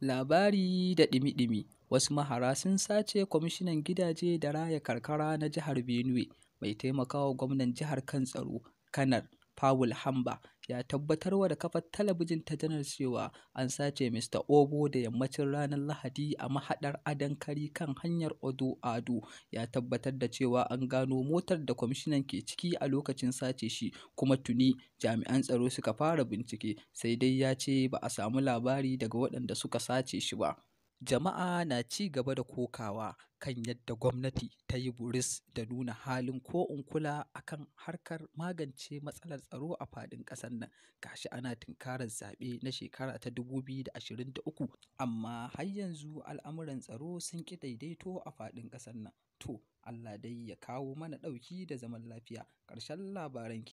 Labari da ɗimi-ɗimi Wasu mahara sun sace kwamishinan gidaje da raya karkara na jihar Benue mai taimakawa gwamnan jihar kan tsaro, Kanar Pawul Hamba, ya tabbatar wa da kafar talabijin ta janar cewa an sace Mr. Obo da yammacin ranar Lahadi a mahaɗar kari kan hanyar Odo Ado ya tabbatar da cewa an gano motar da kwamishinan ke ciki a lokacin sace shi kuma tuni jami'an tsaro suka fara bincike sai dai ya ce ba a samu labari daga waɗanda suka sace shi ba. Jama'a na ci gaba da kokawa kan yadda gwamnati ta yi buris da nuna halin ko-in-kula a kan harkar magance matsalar tsaro a faɗin ƙasar nan gashi ana tunkarar zaɓe na shekara ta 2023 amma har yanzu al'amuran tsaro sun ƙi daidaito a faɗin ƙasar nan. To, Allah dai ya kawo mana ɗauki da zaman lafiya. Ƙarshen labaran